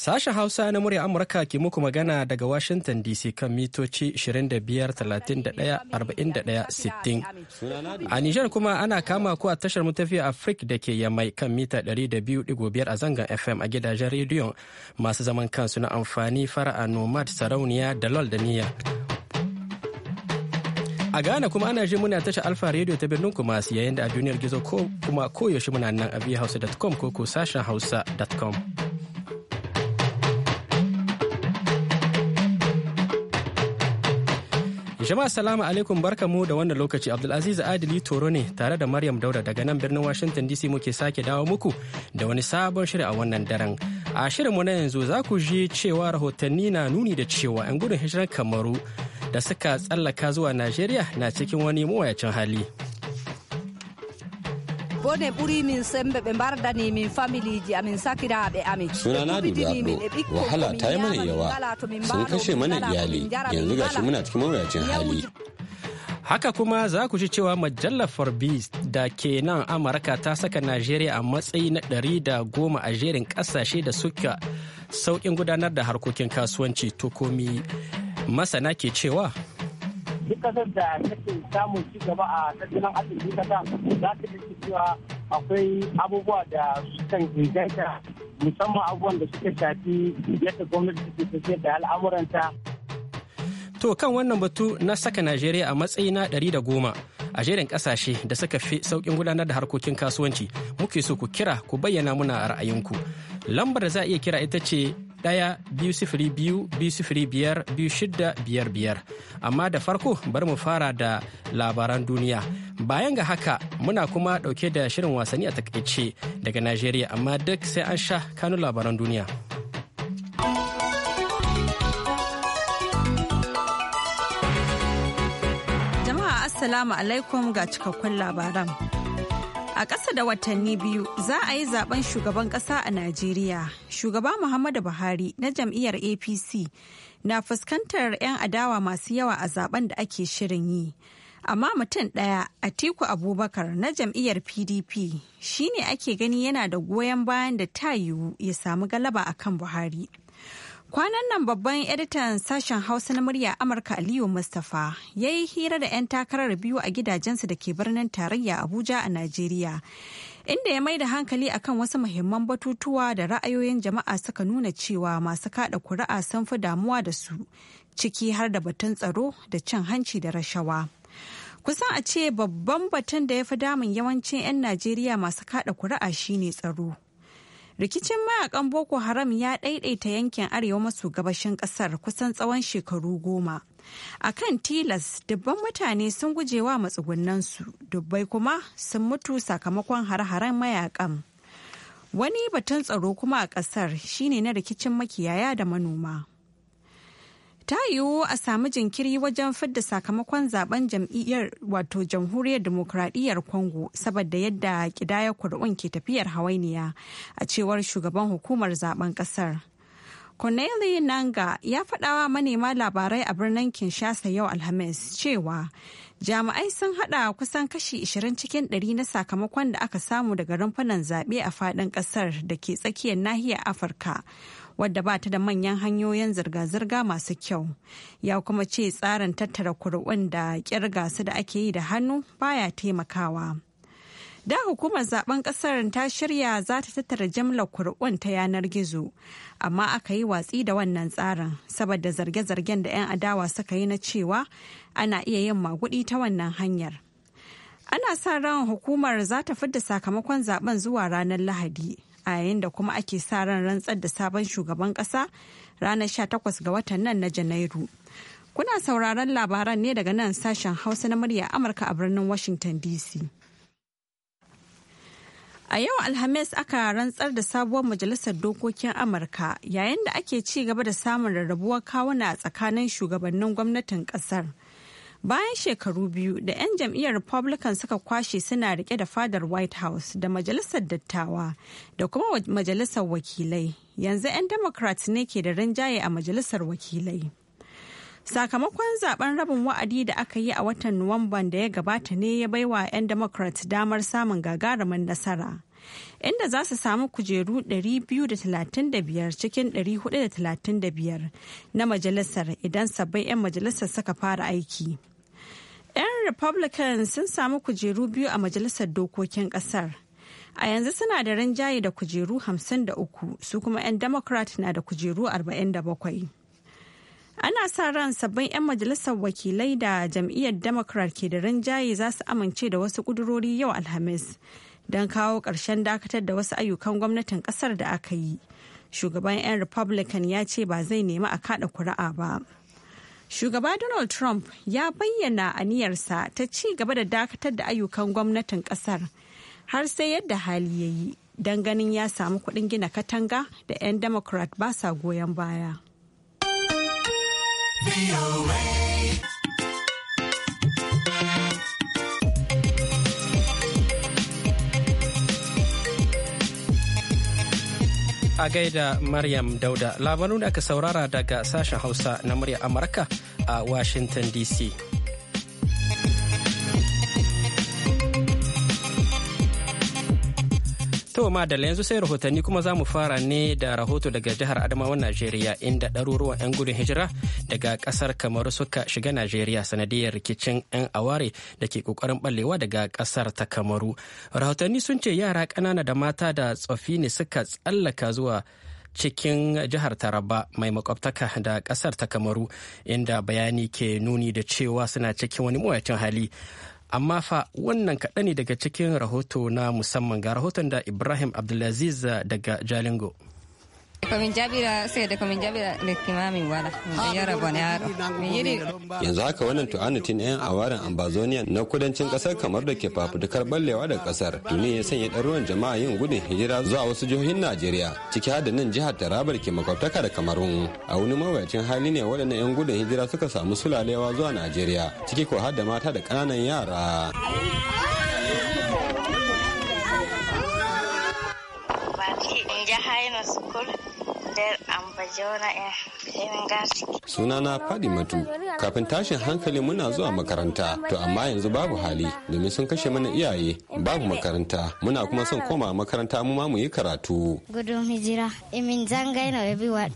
Sashen Hausa na murya Amurka ke muku magana daga Washington DC kan mitoci 25-31-41-60. A Nijar kuma ana kama ku a tashar mutafiya Afrik da ke yamai kan mita 200.5 a zangan FM a gidajen rediyon masu zaman kansu na amfani fara'a Nomad Sarauniya da Lol da Niyar. A Ghana kuma ana jin muna tashar Alfa Radio ta birnin su yayin da a duniyar gizo ko kuma koyaushe muna nan a biyahausa.com ko ko sashen hausa.com. Jama'a salamu alaikum barkamu da wannan lokaci Abdulaziz Adili Toro ne tare da Maryam Dauda daga nan birnin Washington DC muke sake dawo muku da wani sabon shiri a wannan daren. A shirin mu na yanzu za ku ji cewa rahotanni na nuni da cewa 'yan gudun hijirar Kamaru da suka tsallaka zuwa Najeriya na cikin wani mawayacin hali. woni ɓuri min sembe ɓe mbardani min familiji amin sakiraɓe amin sunana duda e wahala ta yi mana yawa sun kashe mana iyali yanzu gashi muna cikin mawuyacin hali Haka kuma za ku ji cewa majalar Forbes da ke nan Amurka ta saka Najeriya a matsayi na ɗari da goma a jerin ƙasashe da suka sauƙin gudanar da harkokin kasuwanci tukomi masana ke cewa duk kasar da take samun ci gaba a tattalin arzikin kasa za ta dace cewa akwai abubuwa da sukan inganta musamman abubuwan da suka shafi yadda gwamnati ke tafiyar da al'amuranta. To kan wannan batu na saka Najeriya a matsayi na ɗari da goma a jerin ƙasashe da suka fi saukin gudanar da harkokin kasuwanci muke so ku kira ku bayyana muna ra'ayinku. Lambar da za a iya kira ita ce ɗaya biyu sifiri biyu biyu sifiri biyar biyu shidda biyar biyar amma da farko bari mu fara da labaran duniya bayan ga haka muna kuma ɗauke da shirin wasanni a takaice daga najeriya amma duk sai an sha kanun labaran duniya jama'a assalamu alaikum ga cikakkun labaran A ƙasa da watanni biyu za a yi zaben shugaban ƙasa a Najeriya. Shugaba Muhammadu Buhari na jam'iyyar APC na fuskantar 'yan adawa masu yawa a zaben da ake shirin yi. Amma mutum ɗaya Atiku Abubakar na jam'iyyar PDP shi ne ake gani yana da goyon bayan da ta yiwu ya samu galaba akan Buhari. Kwanan nan babban editan sashen Hausa na murya Amurka Aliyu Mustapha ya yi hira da 'yan takarar biyu a gidajensu da ke birnin tarayya Abuja a Najeriya. Inda ya mai da hankali akan wasu muhimman batutuwa da ra'ayoyin jama'a suka nuna cewa masu kada kuri'a sun fi damuwa da su ciki har da batun tsaro da cin hanci da rashawa. Kusan a ce babban batun da ya fi damun yawancin 'yan Najeriya masu kada kuri'a shine tsaro. Rikicin mayakan Boko Haram ya ɗaiɗaita yankin arewa maso gabashin ƙasar kusan tsawon shekaru goma. A kan tilas dubban mutane sun guje gujewa matsugunansu dubbai kuma sun mutu sakamakon har-haren mayakan. Wani batun tsaro kuma a ƙasar shine na rikicin makiyaya da manoma. ta yiwu a samu jinkiri wajen fidda sakamakon zaben jam'iyyar wato jamhuriyar demokradiyyar congo saboda yadda kidaya kuri'un ke tafiyar hawainiya a cewar shugaban hukumar zaben kasar corneli nanga ya faɗawa manema labarai a birnin kinshasa yau alhamis cewa jami'ai sun hada kusan kashi 20 cikin 100 na sakamakon da aka samu daga rumfunan zaɓe a faɗin ƙasar da ke tsakiyar nahiyar afirka wadda ba ta da manyan hanyoyin zirga-zirga masu kyau ya kuma ce tsarin tattara kuri'un da kirga su da ake yi da hannu baya taimakawa da hukumar zaben kasar ta shirya za ta tattara jimlar kuri'un ta yanar gizo amma aka yi watsi da wannan tsarin saboda zarge-zargen da 'yan adawa suka yi na cewa ana iya yin magudi ta wannan hanyar ana sa ran hukumar za ta fidda sakamakon zaben zuwa ranar lahadi a yayin da kuma ake sa ran rantsar da sabon shugaban kasa ranar 18 ga watan nan na Janairu. Kuna sauraron labaran ne daga nan sashen Hausa na murya Amurka a birnin Washington DC. A yau Alhamis aka rantsar da sabuwar Majalisar Dokokin Amurka yayin da ake ci gaba da samun rarrabuwar kawuna tsakanin shugabannin gwamnatin kasar. bayan shekaru biyu da 'yan jam'iyyar republican suka kwashe suna rike da fadar white house da majalisar dattawa da kuma majalisar wakilai yanzu 'yan democrats ne ke da rinjaye a majalisar wakilai sakamakon zaben rabin wa'adi da aka yi a watan nuwamban da ya gabata ne ya baiwa 'yan democrats damar samun gagarumin nasara inda za su samu kujeru 235 cikin 435 na majalisar idan sabbin 'yan majalisar suka fara aiki Yan republican sun samu kujeru biyu a majalisar dokokin kasar a yanzu suna da rinjaye da kujeru hamsin da uku su kuma 'yan democrat na da kujeru 47 ana sa ran sabbin 'yan majalisar wakilai da jam'iyyar democrat ke da rinjaye za su amince da wasu kudurori yau alhamis don kawo ƙarshen dakatar da wasu ayyukan gwamnatin ƙasar da aka yi shugaban 'yan republican ya ce ba zai nemi a kaɗa kuri'a ba. Shugaba Donald Trump ya bayyana aniyarsa ta ci gaba da dakatar da ayyukan gwamnatin kasar har sai yadda hali ya yi don ganin ya samu kuɗin gina katanga da 'yan Democrat ba sa goyon baya. a gaida Maryam Dauda labarun da aka saurara daga sashen Hausa na murya Amurka a Washington DC. To Madalla yanzu sai rahotanni kuma za mu fara ne da rahoto daga jihar Adamawa Najeriya inda ɗaruruwan 'yan gudun hijira daga ƙasar kamar suka shiga Najeriya sanadiyar rikicin 'yan aware da ke ƙoƙarin ɓallewa daga ƙasar ta Kamaru. Rahotanni sun ce yara ƙanana da mata da tsofi ne suka tsallaka zuwa cikin jihar Taraba mai makwabtaka da kasar ta Kamaru inda bayani ke nuni da cewa suna cikin wani mawacin hali. amma fa wannan kaɗan ne daga cikin rahoto na musamman ga rahoton da ibrahim abdulaziz eh, daga jalingo Yanzu haka wannan tu'anatin 'yan awarin Ambazonia na kudancin kasar kamar da ke fafutukar ballewa da kasar. Tuni ya sanya ruwan jama'a yin gudun hijira zuwa wasu jihohin Najeriya ciki har da nan jihar Tarabar ke makwabtaka da Kamarun. A wani mawuyacin hali ne waɗannan 'yan gudun hijira suka samu sulalewa zuwa Najeriya ciki ko har da mata da ƙananan yara. Ya su Eh, Sunana matu, kafin tashin hankali muna zuwa makaranta, to amma yanzu babu hali domin sun kashe mana iyaye babu makaranta, muna kuma son koma makaranta mu ma mu yi karatu. Gudun hijira, imin zanga yana wabi wa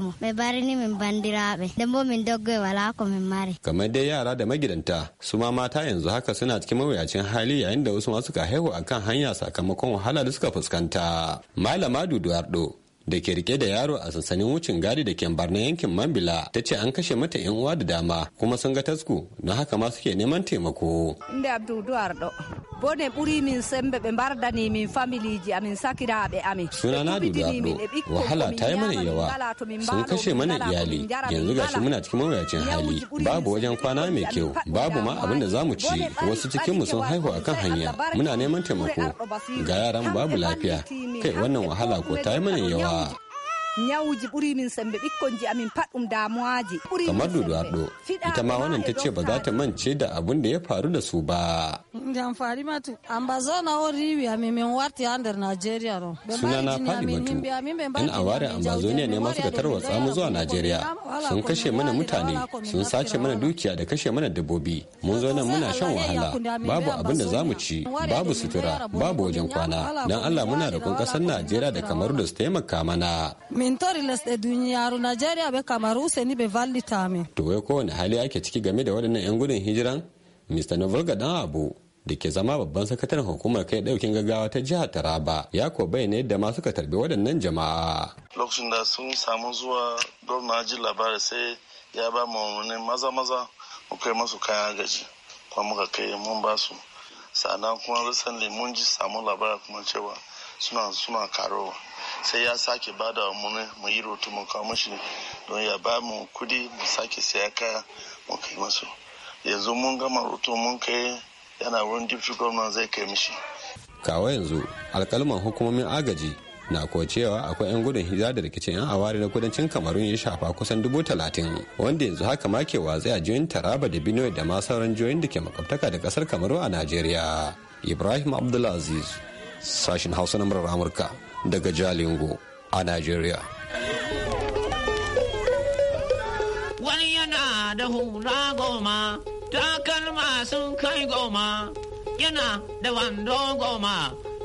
mu, Mai bari ni min don bo min dogoyi wala ko min mari. Kamar dai yara da magidanta, su ma mata yanzu haka suna cikin mawuyacin hali yayin da wasu ma suka haihu akan hanya sakamakon wahala da suka fuskanta. Malama Dudu dhow da ke rike da yaro a sansanin wucin gadi da ke na yankin mambila ta ce an kashe mata yan uwa da dama kuma sun ga tasku na haka ma suke neman taimako inda abdul duwar do bone buri min sembe be da ni min family ji amin sakira be amin suna na duwar do. wahala ta yi mana yawa sun kashe mana iyali yanzu gashi muna cikin mawuyacin hali babu wajen kwana mai kyau babu ma abin da mu ci wasu cikin mu sun haihu akan hanya muna neman taimako ga yaran babu lafiya kai wannan wahala ko ta yi mana yawa nyawuji ɓuri min sembe ɓikkonji amin pat ɗum damuwaji kamar dudu ita ma wannan ta ce ba za ta mance da abun da ya faru da su ba ndan amfani matu ambazona o riwi amimin warti nigeria ro suna na fadi matu yan aware ambazonia ne masu gatarwa tsamu zuwa nigeria sun kashe mana mutane sun sace mana dukiya da kashe mana dabbobi mun zo nan muna shan wahala babu abin da zamu ci babu sutura babu wajen kwana dan allah muna kun kasar nigeria da kamaru da su taimaka mana min tori les de nigeria be kamaru se ni be vallita min to wai kowane hali ake ciki game da waɗannan yan gudun hijiran Mr. Novelga dan abu da ke zama babban sakataren hukumar kai daukin gaggawa ta jihar taraba ya ko bayyana yadda ma suka tarbi waɗannan jama'a lokacin da sun samu zuwa gwamna ji labari sai ya ba mu wani maza maza mu kai masu kayan gaji kuma muka kai mun ba su sannan kuma recently mun ji samu labari kuma cewa suna suna karowa sai ya sake ba da mu mu yi rotu mu kawo mashi don ya ba mu kudi mu sake saya kaya mu kai masu yanzu mun gama rotu mun kai yana wurin deputy gwamnan zai kai mishi kawo yanzu alkalman hukumomin agaji na kuwa cewa akwai 'yan gudun hijira da rikicin 'yan awari na kudancin kamarun ya shafa kusan dubu talatin wanda yanzu haka ma ke watsi a jiyoyin taraba da benue da ma sauran jiyoyin da ke makwabtaka da kasar kamaru a najeriya ibrahim abdulaziz sashen hausa na murar amurka daga jalingo a najeriya wani yana da hula goma takalma sun kai goma yana da wando goma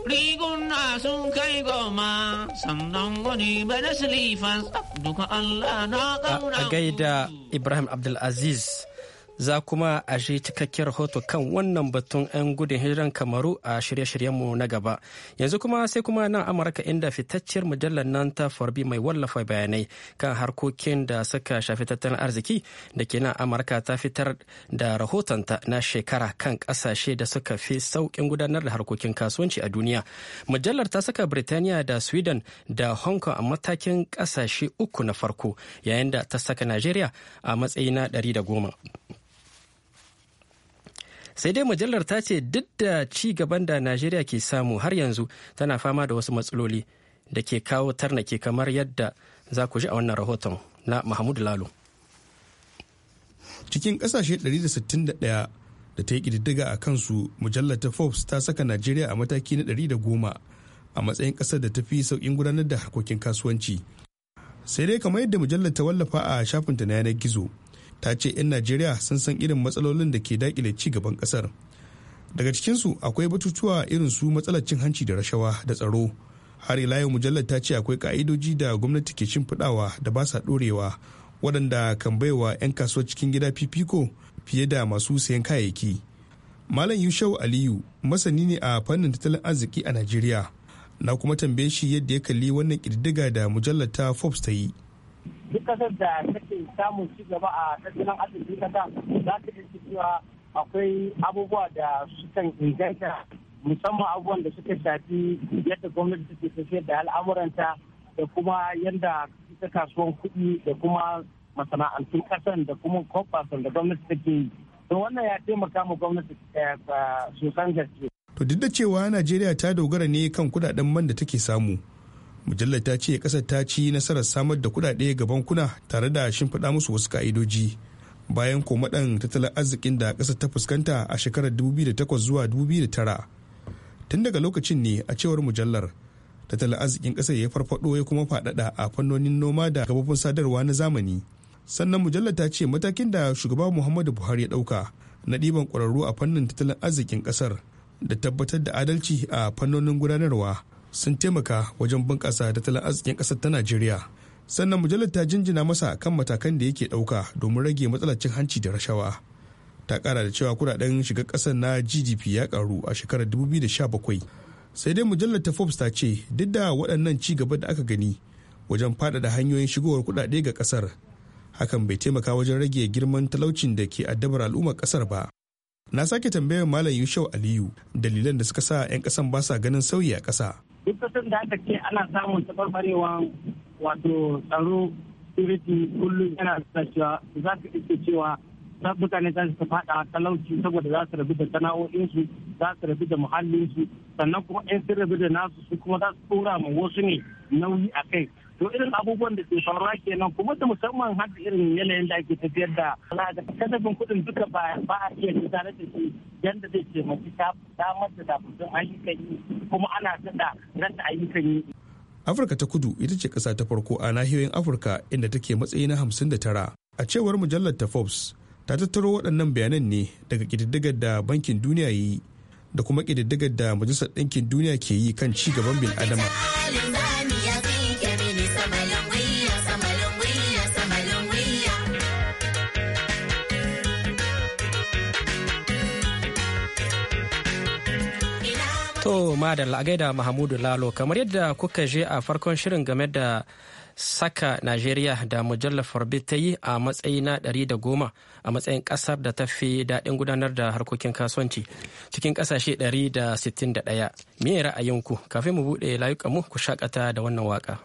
riguna sun kai goma sannan wani bada silifas duka Allah na ƙauna. A gaida Ibrahim Abdulaziz. za kuma a shi cikakkiyar rahoto kan wannan batun 'yan gudun hijiran kamaru a shirye-shiryenmu na gaba yanzu kuma sai kuma nan amurka inda fitacciyar mujallar nan ta farbi mai wallafa bayanai kan harkokin da suka shafi tattalin arziki da ke nan amurka ta fitar da rahotonta na shekara kan kasashe da suka fi saukin gudanar da harkokin kasuwanci a duniya mujallar ta saka birtaniya da sweden da hong kong a matakin kasashe uku na farko yayin da ta saka najeriya a matsayi na 110 sai dai mujallar ta ce duk da ci gaban da najeriya ke samu har yanzu tana fama da wasu matsaloli da ke kawo tarnaki kamar yadda za ku ji a wannan rahoton na mahmud lalo cikin kasashe 161 da ta yi kididdiga a kansu mujallar ta forbes ta saka najeriya a mataki na 110 a matsayin kasar da ta fi sauƙin gudanar da harkokin kasuwanci sai dai kamar yadda mujallar ta wallafa a shafinta na yanar gizo ta ce 'yan najeriya sun san irin matsalolin da ke dakile ci gaban kasar daga cikinsu akwai batutuwa irin su matsalar cin hanci da rashawa da tsaro har ila yau mujallar ta ce akwai ka'idoji da gwamnati ke shimfiɗawa da ba sa ɗorewa waɗanda kan baiwa 'yan kasuwar cikin gida fifiko fiye da masu sayan kayayyaki malam yushau aliyu masani ne a fannin tattalin arziki a najeriya na kuma tambaye shi yadda ya kalli wannan ƙididdiga da mujallar ta forbes ta yi duk kasar da take samun ci gaba a tattalin arzikin kasa za ta iya cewa akwai abubuwa da sukan inganta musamman abubuwan da suka shafi yadda gwamnati take tafiyar da al'amuranta da kuma yadda ita kasuwan kuɗi da kuma masana'antun kasan da kuma kwamfasan da gwamnati take yi to wannan ya taimaka ma gwamnati eh, sosan gaske. to duk da cewa najeriya ta dogara ne kan kudaden man da take samu mujallar ta ce kasar ta ci nasarar samar da kudade ga bankuna tare da shimfiɗa musu wasu ka'idoji bayan komaɗan tattalin arzikin da kasar ta fuskanta a shekarar 2008 zuwa 2009 tun daga lokacin ne a cewar mujallar tattalin arzikin kasar ya farfado ya kuma faɗaɗa a fannonin noma da gababin sadarwa na zamani sannan mujallar ta ce matakin da shugaba muhammadu buhari ya ɗauka na ɗiban ƙwararru a fannin tattalin arzikin ƙasar da tabbatar da adalci a fannonin gudanarwa sun taimaka wajen bunƙasa tattalin arzikin ƙasar ta najeriya sannan mujallar ta jinjina masa kan matakan da yake ɗauka domin rage matsalar cin hanci da rashawa ta ƙara da cewa kuɗaɗen shiga ƙasar na gdp ya ƙaru a shekarar 2017 sai dai mujallar ta forbes ta ce duk da waɗannan ci gaba da aka gani wajen faɗaɗa hanyoyin shigowar kuɗaɗe ga ƙasar hakan bai taimaka wajen rage girman talaucin da ke addabar al'ummar ƙasar ba na sake tambayar malam yushau aliyu dalilan da suka sa 'yan ƙasan ba sa ganin sauyi a ƙasa duk da aka ce ana samun tabarbarewa wato tsaro security kullum yana da cewa za ka iya cewa za mutane za su faɗa talauci saboda za su rabu da sana'o'insu za su rabu da muhallinsu sannan kuma 'yan sun rabu da nasu su kuma za su tura ma wasu ne nauyi a kai to irin abubuwan da ke faruwa kenan kuma da musamman har da irin yanayin da ake tafiyar da ga kasafin kudin duka ba a iya tare da shi yadda zai taimaki samar da dafafin ayyukan yi kuma ana sada rasa ayyukan yi. Afirka ta kudu ita ce ƙasa ta farko a nahiyoyin Afirka inda take matsayi na hamsin da tara. A cewar mujallar ta Forbes ta tattaro waɗannan bayanan ne daga ƙididdigar da Bankin Duniya yi da kuma ƙididdigar da Majalisar Ɗinkin Duniya ke yi kan ci gaban bin adama. To madalla a gaida Mahamudu Lalo kamar yadda kuka je a farkon shirin game da saka Najeriya da mujallar Forbes ta yi a matsayi na ɗari da goma a matsayin ƙasar da ta fi daɗin gudanar da harkokin kasuwanci cikin ƙasashe ɗari da sittin da ɗaya. Me ra'ayinku kafin mu buɗe layukanmu ku shakata da wannan waka.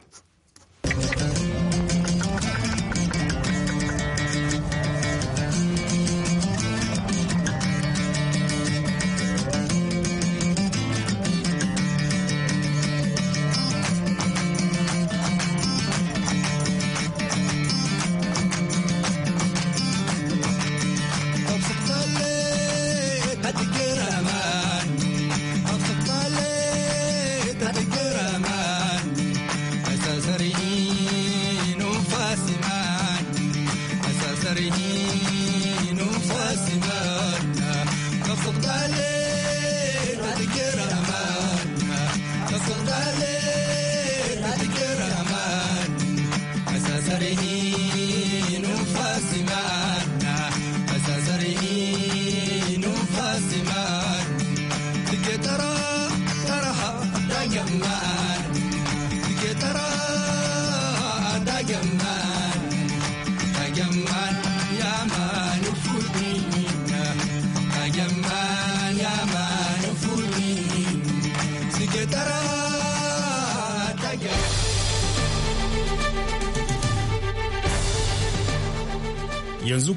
Dale, no te quiero amar. No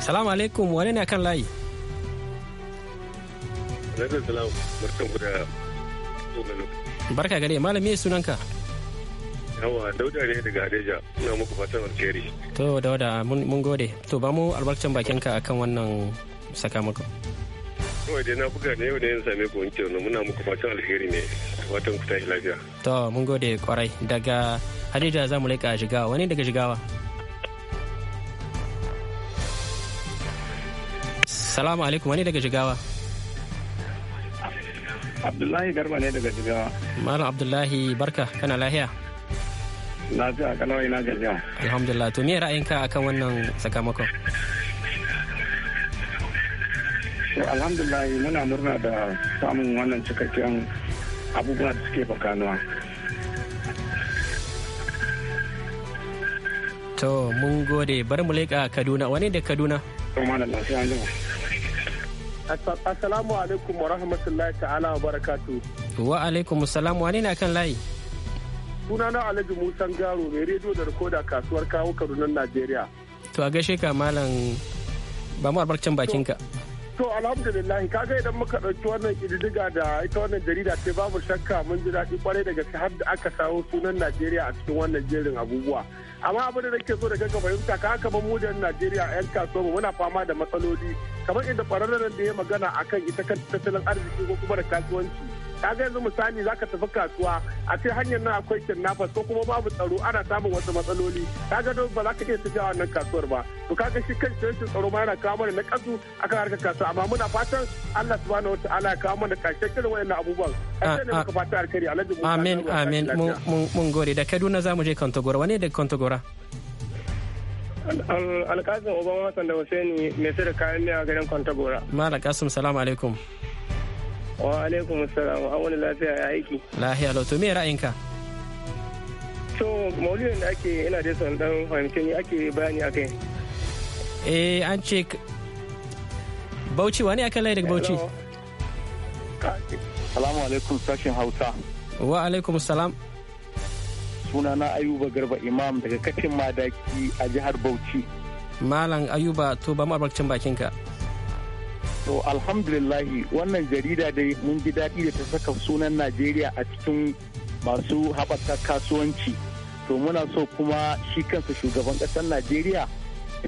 salamu alaikum wane ne kan layi barka gare malam malami sunanka yawa dauda ne daga adeja ina muku fatan alheri to dauda mun gode to ba mu albarkacin bakinka akan wannan sakamako kawai dai na buga ne yau da yin same ku wanke wannan muna muku fatan alheri ne fatan ku tashi lafiya to mun gode kwarai daga hadija za mu laika shiga wani daga shigawa salamu alaikum wani daga jigawa abdullahi garba ne daga jigawa malam abdullahi barka kana lahiya lafiya wani na gajiya alhamdulillah to me ra'ayinka akan wannan sakamakon alhamdulillah muna murna da samun wannan cikakken abubuwa da suke bakanuwa to mun gode bari mu leƙa kaduna wani da kaduna to malam lafiya Assalamu alaikum wa rahmatullahi ta'ala wa barakatu. Wa alaikum salam ne na kan layi. na Alhaji Musan Garo mai rediyo da rikoda kasuwar kawo Kaduna Najeriya. To a gaishe ka malam ba mu albarkacin bakinka. To alhamdulillah kaga idan muka ɗauki wannan ƙididdiga da ita wannan jarida ce babu shakka mun ji daɗi kwarai daga gaske har da aka samu sunan Najeriya a cikin wannan jerin abubuwa. Amma abin da nake so da kanka fahimta ka haka ban mujan Najeriya 'yan kasuwa muna fama da matsaloli kamar inda ƙwararren da ya magana akan ita kan tattalin arziki ko kuma da kasuwanci. kaga yanzu misali zaka tafi kasuwa a ce hanyar nan akwai kidnappers ko kuma babu tsaro ana samun wasu matsaloli kaga don ba za ka iya tafiya wannan kasuwar ba to kaga shi kan shi tsaro ma yana kawo mana na kasu akan harkar kasuwa amma muna fatan Allah subhanahu wataala ya kawo mana kashe irin wayannan abubuwan amin amin mun gode da Kaduna zamu je Kontagora wane da Kontagora alkasim obama Sanda hussaini mai sai da kayan miya garin kwantagora malakasim salamu alaikum wa alaikum assalam an wani lafiya ya aiki lafiya lau to me ra'ayinka to maulidin da ake ina da son dan fahimce ni ake bayani akai eh an ce bauchi wani akan layi daga bauchi salamu alaikum sashin hausa wa alaikum salam sunana ayuba garba imam daga kacin madaki a jihar bauchi malam ayuba to ba mu albarkacin bakinka To alhamdulillahi wannan jarida dai mun ji daɗi da ta saka sunan Najeriya a cikin masu haɓaka kasuwanci. To muna so kuma shi kansa shugaban ƙasar Najeriya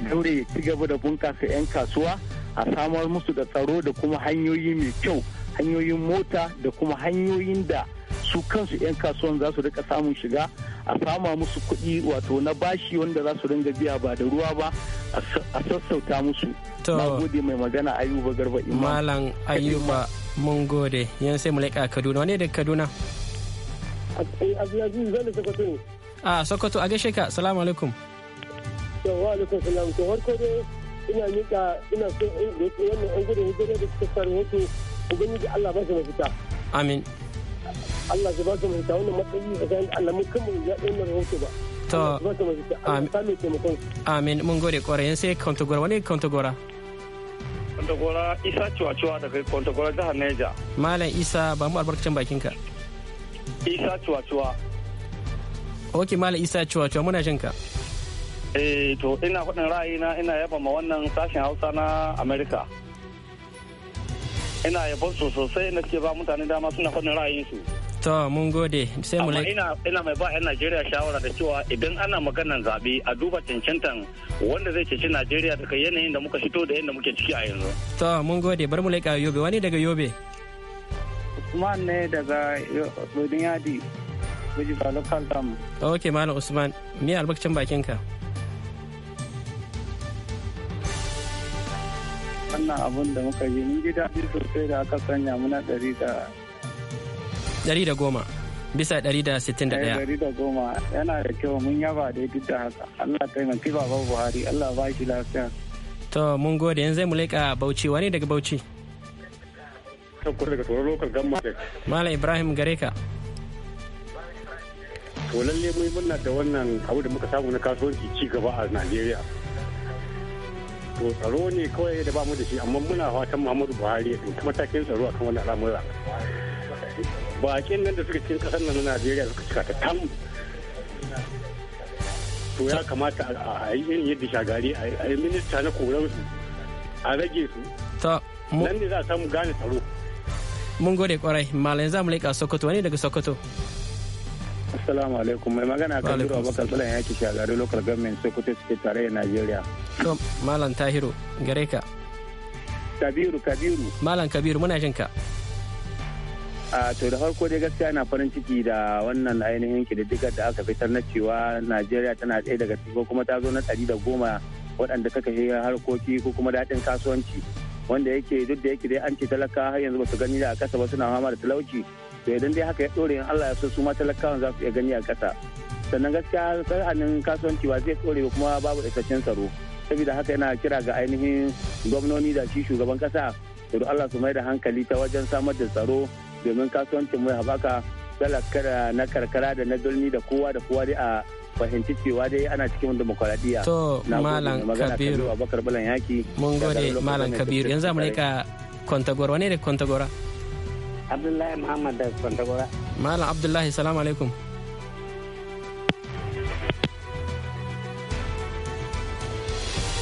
daure ya ci gaba da bunƙasa 'yan kasuwa a samar musu da tsaro da kuma hanyoyi mai kyau hanyoyin mota da kuma hanyoyin da su kansu 'yan kasuwan za su rika samun shiga a sama musu kuɗi wato na bashi wanda za su ringa biya ba da ruwa ba a sassauta musu na gode mai magana ayuba garba imam malam ayuba mun gode yan sai mu leƙa kaduna wane eh, da kaduna a ah, sokoto a gaishe ka salamu alaikum wa alaikum salam to farko dai ina nika ina so wannan an gudun hijira da suka faru wato ubangiji Allah ba shi mafita amin Allah ya ba shi mafita wannan matsayi da Allah mun kuma ya ɗaukar rahoto ba to amin mun gode kwarai sai kontagora wani kontagora kontagora isa cuwa-cuwa daga kontagora jihar neja malam isa ba mu albarkacin bakinka isa cuwa-cuwa ok malam isa cuwa-cuwa muna jinka eh to ina faɗin ra'ayina ina yaba ma wannan sashen hausa na Amerika. ina yabon su sosai na ke ba mutane dama suna kudin ra'ayinsu su To mun gode sai mu ina ina mai ba 'yan Najeriya shawara da cewa idan ana maganar zabe a duba cancantan wanda zai ceci Najeriya daga yanayin da muka fito da yadda muke ciki a yanzu. To mun gode bar mu laika Yobe wani daga Yobe. Usman ne daga Bodin Yadi. Guji ba local Ok Malam Usman me albakcin bakinka? Wannan abun da muka yi mun ji daɗi sosai da aka sanya muna ɗari da Ɗari da goma. bisa da da sittin eh, da goma yana da kyau mun yaba da duk da haka Allah taimaki baba Buhari Allah ba shi lafiya. To mun gode yanzu mu leƙa Bauchi wani daga Bauchi. Sakkwato daga tsoron lokal gamma Malam Ibrahim gare ka. To lalle mun muna da wannan abu da muka samu na kasuwanci ci gaba a Najeriya. To tsaro ne kawai da ba mu da shi amma muna fatan Muhammadu Buhari ya ɗauki matakin tsaro akan wannan al'amura. bakin nan da suka cikin kasar nan na Najeriya suka cika ta tam to ya kamata a yi yin yadda shagari a yi minista na su a rage su nan ne za a samu gane tsaro mun gode kwarai malam za mu leƙa sokoto wani daga sokoto assalamu alaikum mai magana kan duro bakar tsalan yaki shagari local government sokoto suke tare da najeriya to malam tahiru gare ka kabiru kabiru malam kabiru muna jin ka a to da farko dai gaskiya na farin ciki da wannan ainihin kididdigar da aka fitar na cewa najeriya tana ɗaya daga cikin kuma ta zo na ɗari da goma waɗanda ta kashe harkoki ko kuma daɗin kasuwanci wanda yake duk da yake dai an ce talaka har yanzu ba su gani da a ƙasa ba suna fama da talauci to idan dai haka ya ɗore in allah ya so su ma talakawan za su iya gani a ƙasa sannan gaskiya sa'anin kasuwanci ba zai ɗore ba kuma babu isasshen tsaro saboda haka yana kira ga ainihin gwamnoni da shi shugaban ƙasa to Allah su mai da hankali ta wajen samar da tsaro domin kasuwancin mai haɓaka talakar na karkara da na birni da kowa da kowa dai a fahimci cewa dai ana cikin demokuraɗiyya. To Malam Kabiru. Abubakar Bulan Yaki. Mun gode Malam Kabiru yanzu amurai ka Kwantagora wane ne Kwantagora? Abdullahi Muhammad da Kwantagora. Malam Abdullahi salamu alaikum.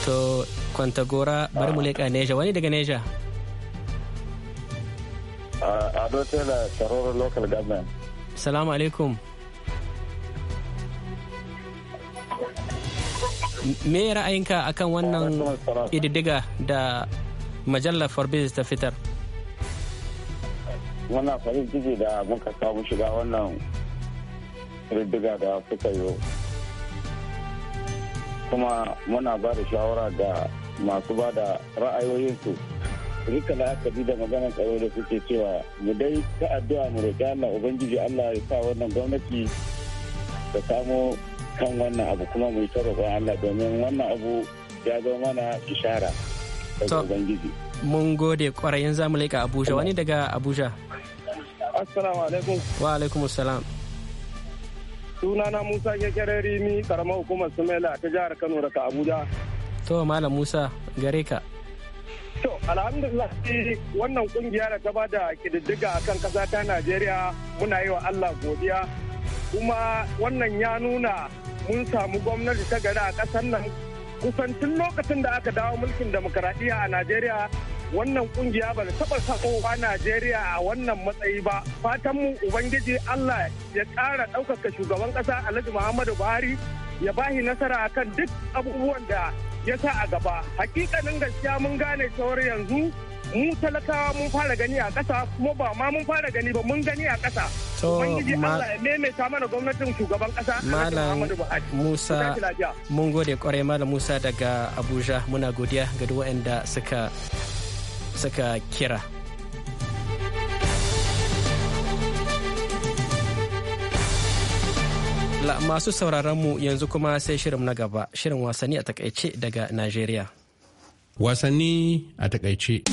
To Kwantagora bari mu leƙa Neja wani daga Neja. Uh, Ado Tela, Saroro Local Government. Salamu alaikum. Me ra'ayinka akan wannan ididdiga da majallar Forbes ta fitar? Muna farin ciki da muka samu shiga wannan ididdiga da suka yi kuma muna ba da shawara ga masu ba da ra'ayoyinsu rika la'akari da maganar tsaro da suke cewa mu dai ta addu'a mu roƙi Allah ubangiji Allah ya sa wannan gwamnati ta samo kan wannan abu kuma mu yi ta roƙon Allah domin wannan abu ya zo mana ishara ta ubangiji. Mun gode kwarai yanzu mu Abuja wani daga Abuja. Assalamu alaikum. Wa alaikum assalam. Sunana Musa Kekere Rimi karamar hukumar Sumela ta jihar Kano daga Abuja. To Malam Musa gare ka. alhamdulillah wannan kungiya da ta bada kididdiga a kan kasa ta najeriya muna yi wa allah godiya kuma wannan ya nuna mun samu gwamnati ta gari a kasar nan kusan tun lokacin da aka dawo mulkin demokaradiyya a najeriya wannan kungiya ba da sako sakowa najeriya a wannan matsayi ba fatan mu ubangiji allah ya kara ɗaukaka shugaban ƙasa alhaji muhammadu buhari ya bahi nasara akan duk abubuwan da ya sa a gaba hakikanin gaskiya mun gane cewar yanzu mu talakawa mun fara gani a ƙasa kuma ba ma mun fara gani ba mun gani a ƙasa to Allah ya gwamnatin shugaban ƙasa Malam Musa mun gode kwarai Malam Musa daga Abuja muna godiya ga duk waɗanda suka suka kira masu sauraron mu yanzu kuma sai shirin na gaba shirin wasanni a takaice daga Najeriya. Wasanni a takaice.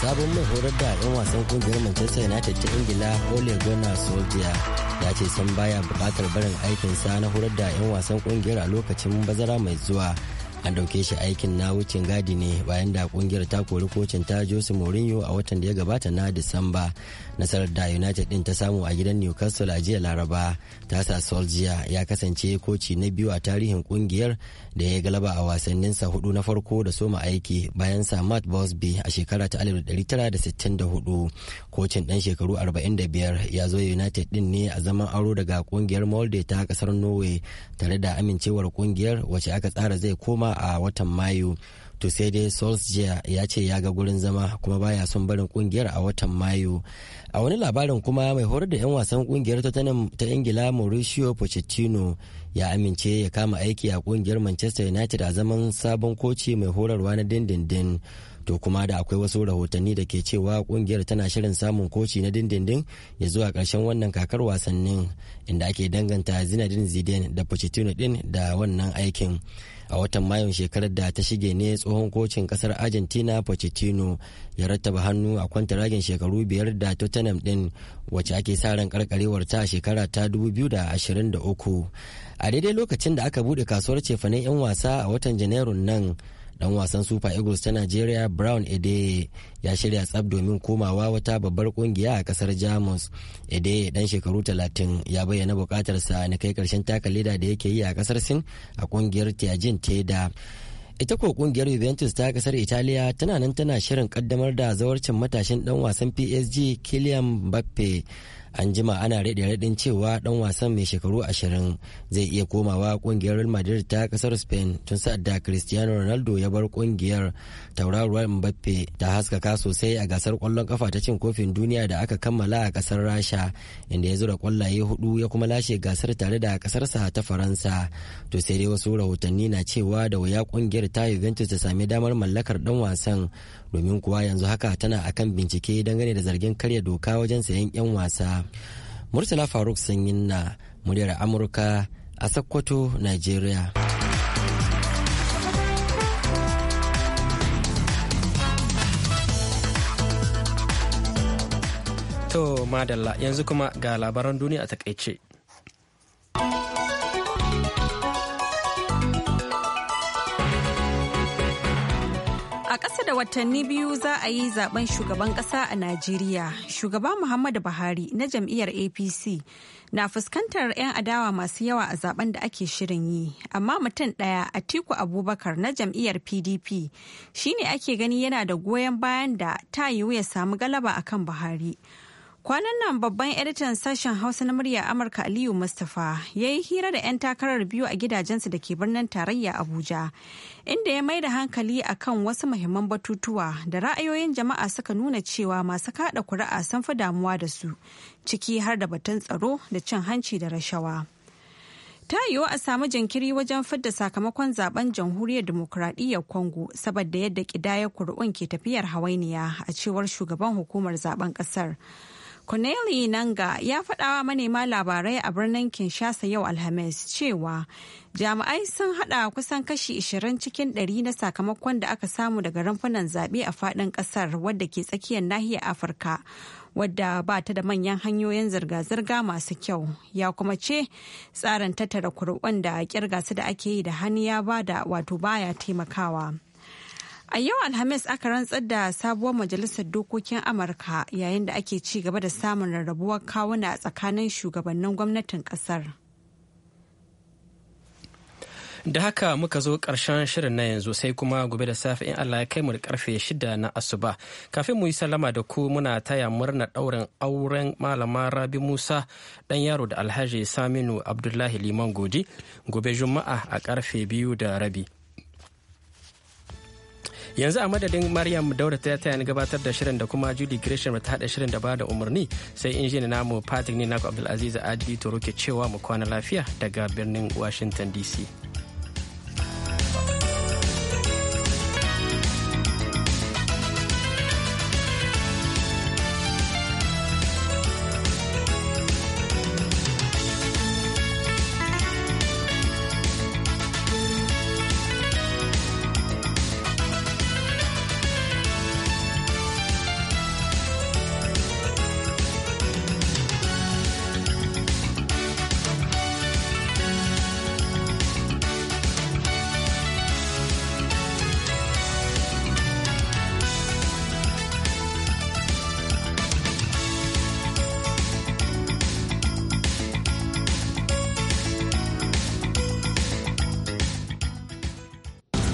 Sabon mai horar da 'yan wasan kungiyar Manchester United ta Ingila Ole Gunnar Solskjaer ya ce san baya bukatar barin aikinsa na horar da 'yan wasan kungiyar a lokacin bazara mai zuwa. an dauke shi aikin na wucin gadi ne bayan da kungiyar ta kori kocin ta Jose Mourinho a watan da ya gabata na Disamba nasarar da united din ta samu a gidan newcastle a jiya laraba ta sa solskjaer ya kasance koci na biyu a tarihin kungiyar da ya galaba a wasanninsa hudu na farko da soma aiki bayan sa matt bosby a shekara ta 1964 kocin dan shekaru 45 ya zo united din ne a zaman aro daga kungiyar molde ta kasar norway tare da amincewar kungiyar wacce aka tsara zai koma a watan mayu to sai dai solskjaer ya ce ya ga gurin zama kuma baya son barin kungiyar a watan mayu a wani labarin kuma mai horar da 'yan wasan kungiyar ta ingila mauricio pochettino ya amince ya kama aiki a kungiyar manchester united a zaman sabon koci mai horarwa na dindindin to kuma da akwai wasu rahotanni da ke cewa kungiyar tana shirin samun koci na dindindin ya zuwa karshen wannan kakar wasannin inda ake danganta zinedine zidane da pochettino din da wannan aikin a watan mayun shekarar da ta shige ne tsohon kocin kasar argentina pochettino ya rattaba hannu a kwanta ragin shekaru biyar da tottenham din wacce ake sa ran karkarewar ta shekara ta 2023 a daidai lokacin da aka bude kasuwar cefanen 'yan wasa a watan janairun nan dan wasan super eagles ta nigeria brown ede ya shirya tsab domin komawa wata babbar kungiya a kasar jamus ede dan shekaru talatin ya bayyana bukatarsa na kai karshen taka leda da yake yi a kasar sin a kungiyar tiajin teda ita ko kungiyar juventus ta kasar italiya tana nan tana shirin kaddamar da zawarcin matashin dan wasan psg kylian mbappe an jima ana raɗe raɗin cewa ɗan wasan mai shekaru ashirin zai iya komawa ƙungiyar real madrid ta ƙasar spain tun sa'ad da cristiano ronaldo ya bar ƙungiyar tauraruwar mbappe ta haskaka sosai a gasar kwallon kafa ta cin kofin duniya da aka kammala a ƙasar rasha inda ya zura ƙwallaye hudu ya kuma lashe gasar tare da ƙasarsa ta faransa to sai dai wasu rahotanni na cewa da wuya ƙungiyar ta juventus ta sami damar mallakar ɗan wasan domin kuwa yanzu haka tana akan bincike dangane da zargin karya doka wajen sayan 'yan wasa murtala faruk sanyin na muryar amurka a sokoto nigeria to madalla yanzu kuma ga labaran duniya a takaice da watanni biyu za a yi zaben shugaban kasa a Najeriya. Shugaba Muhammadu Buhari na jam'iyyar APC na fuskantar 'yan adawa masu yawa a zaben da ake shirin yi. Amma mutum ɗaya Atiku Abubakar na jam'iyyar PDP shine ake gani yana da goyon bayan da ta yiwu ya samu galaba akan Buhari. Kwanan nan babban editan sashen Hausa na murya Amurka Aliyu Mustapha ya yi hira da 'yan takarar biyu a gidajensu da ke birnin tarayya Abuja, inda ya mai da hankali a kan wasu muhimman batutuwa da ra'ayoyin jama'a suka nuna cewa masu kada kuri'a sun fi damuwa da su, ciki har da batun tsaro da cin hanci da rashawa. ta yiwu a samu jinkiri wajen fidda sakamakon zaben jamhuriyar demokuraɗiyyar congo saboda yadda ƙidayar kuri'un ke tafiyar hawainiya a cewar shugaban hukumar zaben ƙasar Corneli Nanga ya faɗawa manema labarai a birnin Kinshasa yau Alhamis cewa jami'ai sun hada kusan kashi 20 cikin 100 na sakamakon da aka samu daga rumfunan zaɓe a faɗin ƙasar wadda ke tsakiyar nahiyar Afirka wadda ba ta da manyan hanyoyin zirga-zirga masu kyau ya kuma ce tsarin tattara kuri'un da kirga su da ake yi da hannu ya ba da wato baya taimakawa. A yau Alhamis aka rantsar da sabuwar majalisar dokokin Amurka yayin da ake ci gaba da samun rarrabuwar kawuna a tsakanin shugabannin gwamnatin kasar. Da haka muka zo karshen shirin na yanzu sai kuma gobe da safe in Allah ya kai mu da karfe shida na asuba. Kafin mu yi sallama da ku muna taya murna ɗaurin auren malama Rabi Musa ɗan yaro da Alhaji Saminu Abdullahi Liman Goji gobe Juma'a a karfe biyu da rabi. yanzu a madadin maryam daura ta taya ni gabatar da shirin da kuma judy gresham ta hada shirin da ba da umarni sai na namu patrick ne naku abdulaziz adili toro ke cewa mu kwana lafiya daga birnin washington dc